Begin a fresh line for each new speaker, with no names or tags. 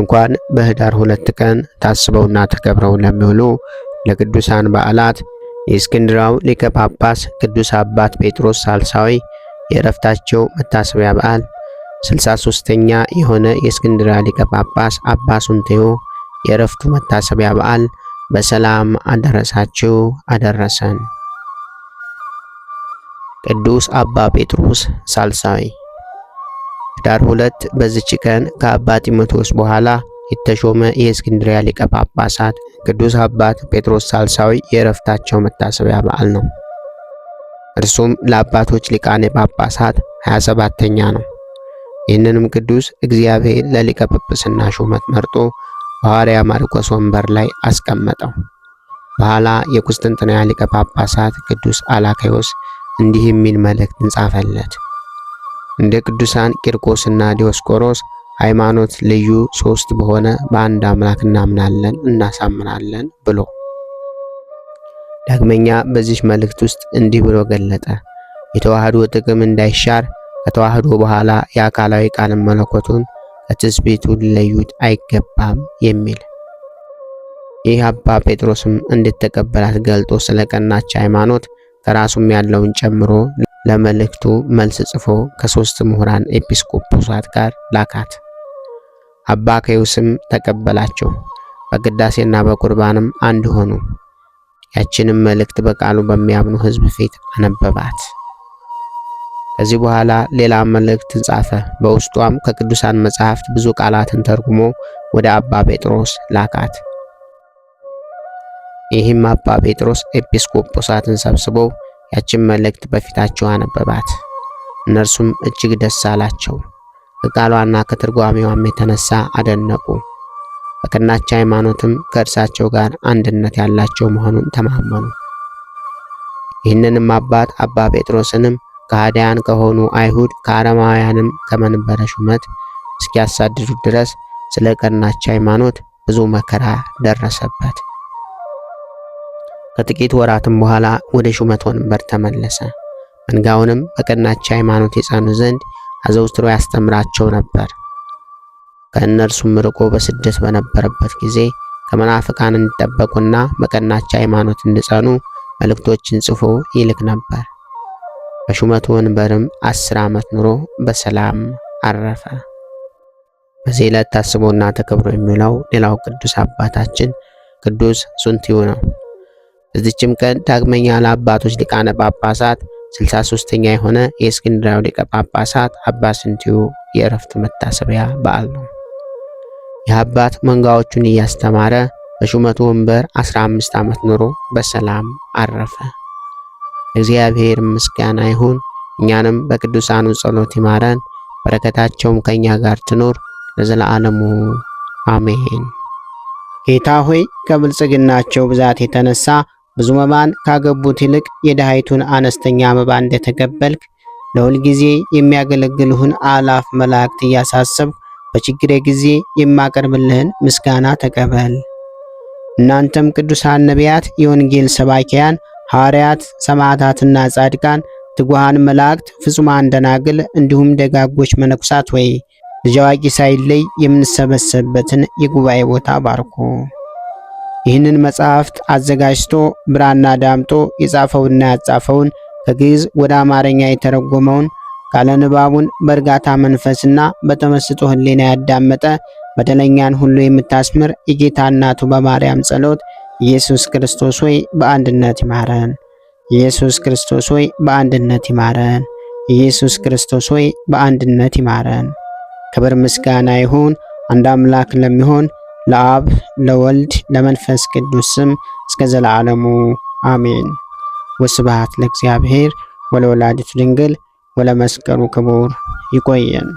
እንኳን በህዳር ሁለት ቀን ታስበውና ተከብረው ለሚውሉ ለቅዱሳን በዓላት የእስክንድራው ሊቀ ጳጳስ ቅዱስ አባት ጴጥሮስ ሳልሳዊ የእረፍታቸው መታሰቢያ በዓል 63ኛ የሆነ የእስክንድራ ሊቀ ጳጳስ አባ ሱንቴዮ የእረፍቱ መታሰቢያ በዓል በሰላም አደረሳችሁ አደረሰን። ቅዱስ አባ ጴጥሮስ ሳልሳዊ ኅዳር ሁለት በዚች ቀን ከአባ ጢሞቴዎስ በኋላ የተሾመ የእስክንድርያ ሊቀ ጳጳሳት ቅዱስ አባት ጴጥሮስ ሳልሳዊ የእረፍታቸው መታሰቢያ በዓል ነው። እርሱም ለአባቶች ሊቃነ ጳጳሳት 27ተኛ ነው። ይህንንም ቅዱስ እግዚአብሔር ለሊቀ ጵጵስና ሹመት መርጦ በሐዋርያ ማርቆስ ወንበር ላይ አስቀመጠው። በኋላ የቁስጥንጥንያ ሊቀ ጳጳሳት ቅዱስ አላካዮስ እንዲህ የሚል መልእክት እንጻፈለት። እንደ ቅዱሳን ቂርቆስና ዲዮስቆሮስ ሃይማኖት ልዩ ሶስት በሆነ በአንድ አምላክ እናምናለን እናሳምናለን ብሎ ዳግመኛ በዚህ መልእክት ውስጥ እንዲህ ብሎ ገለጠ። የተዋህዶ ጥቅም እንዳይሻር ከተዋህዶ በኋላ የአካላዊ ቃል መለኮቱን ከትስቤቱ ሊለዩት አይገባም የሚል ይህ አባ ጴጥሮስም እንድትቀበላት ገልጦ ስለ ቀናች ሃይማኖት ከራሱም ያለውን ጨምሮ ለመልእክቱ መልስ ጽፎ ከሶስት ምሁራን ኤጲስቆጶሳት ጋር ላካት። አባ ከዩስም ተቀበላቸው። በቅዳሴና በቁርባንም አንድ ሆኑ። ያችንም መልእክት በቃሉ በሚያምኑ ሕዝብ ፊት አነበባት። ከዚህ በኋላ ሌላ መልእክትን ጻፈ። በውስጧም ከቅዱሳን መጻሕፍት ብዙ ቃላትን ተርጉሞ ወደ አባ ጴጥሮስ ላካት። ይህም አባ ጴጥሮስ ኤጲስቆጶሳትን ሰብስቦ ያችን መልእክት በፊታቸው አነበባት። እነርሱም እጅግ ደስ አላቸው። ከቃሏና ከትርጓሜዋም የተነሳ አደነቁ። በቀናች ሃይማኖትም ከእርሳቸው ጋር አንድነት ያላቸው መሆኑን ተማመኑ። ይህንንም አባት አባ ጴጥሮስንም ከሃዲያን ከሆኑ አይሁድ ከአረማውያንም ከመንበረ ሹመት እስኪያሳድዱት ድረስ ስለ ቀናች ሃይማኖት ብዙ መከራ ደረሰበት። ከጥቂት ወራትም በኋላ ወደ ሹመት ወንበር ተመለሰ። መንጋውንም በቀናች ሃይማኖት የጸኑ ዘንድ አዘውትሮ ያስተምራቸው ነበር። ከእነርሱም ርቆ በስደት በነበረበት ጊዜ ከመናፍቃን እንዲጠበቁና በቀናች ሃይማኖት እንዲጸኑ መልእክቶችን ጽፎ ይልክ ነበር። በሹመቱ ወንበርም አስር ዓመት ኑሮ በሰላም አረፈ። በዚህ ዕለት ታስቦና ተከብሮ የሚውለው ሌላው ቅዱስ አባታችን ቅዱስ ሱንቲው ነው። በዚችም ቀን ዳግመኛ ለአባቶች ሊቃነ ጳጳሳት 63ኛ የሆነ የእስክንድርያው ሊቀ ጳጳሳት አባ ስንቲዩ መታሰቢያ በዓል ነው። ይህ አባት መንጋዎቹን እያስተማረ በሹመቱ ወንበር 15 ዓመት ኑሮ በሰላም አረፈ። እግዚአብሔር ምስጋና ይሁን። እኛንም በቅዱሳኑ ጸሎት ይማረን፣ በረከታቸውም ከእኛ ጋር ትኖር ለዘለዓለሙ አሜን። ጌታ ሆይ ከብልጽግናቸው ብዛት የተነሳ ብዙ መባን ካገቡት ይልቅ የድሃይቱን አነስተኛ መባ እንደተቀበልክ ለሁል ጊዜ የሚያገለግልሁን አላፍ መላእክት እያሳሰብኩ በችግሬ ጊዜ የማቀርብልህን ምስጋና ተቀበል። እናንተም ቅዱሳን ነቢያት፣ የወንጌል ሰባኪያን ሐዋርያት፣ ሰማዕታትና ጻድቃን፣ ትጉሃን መላእክት፣ ፍጹማን ደናግል እንዲሁም ደጋጎች መነኩሳት ወይ ልጅ አዋቂ ሳይለይ የምንሰበሰብበትን የጉባኤ ቦታ ባርኩ። ይህንን መጽሐፍት አዘጋጅቶ ብራና ዳምጦ የጻፈውና ያጻፈውን ከግዕዝ ወደ አማርኛ የተረጎመውን ቃለ ንባቡን በእርጋታ መንፈስና በተመስጦ ሕሊና ያዳመጠ በደለኛን ሁሉ የምታስምር የጌታ እናቱ በማርያም ጸሎት ኢየሱስ ክርስቶስ ሆይ በአንድነት ይማረን። ኢየሱስ ክርስቶስ ሆይ በአንድነት ይማረን። ኢየሱስ ክርስቶስ ሆይ በአንድነት ይማረን። ክብር ምስጋና ይሁን አንድ አምላክ ለሚሆን ለአብ ለወልድ ለመንፈስ ቅዱስ ስም እስከ ዘለዓለሙ አሜን። ወስብሐት ለእግዚአብሔር ወለወላዲቱ ድንግል ወለመስቀሉ ክቡር። ይቆየን።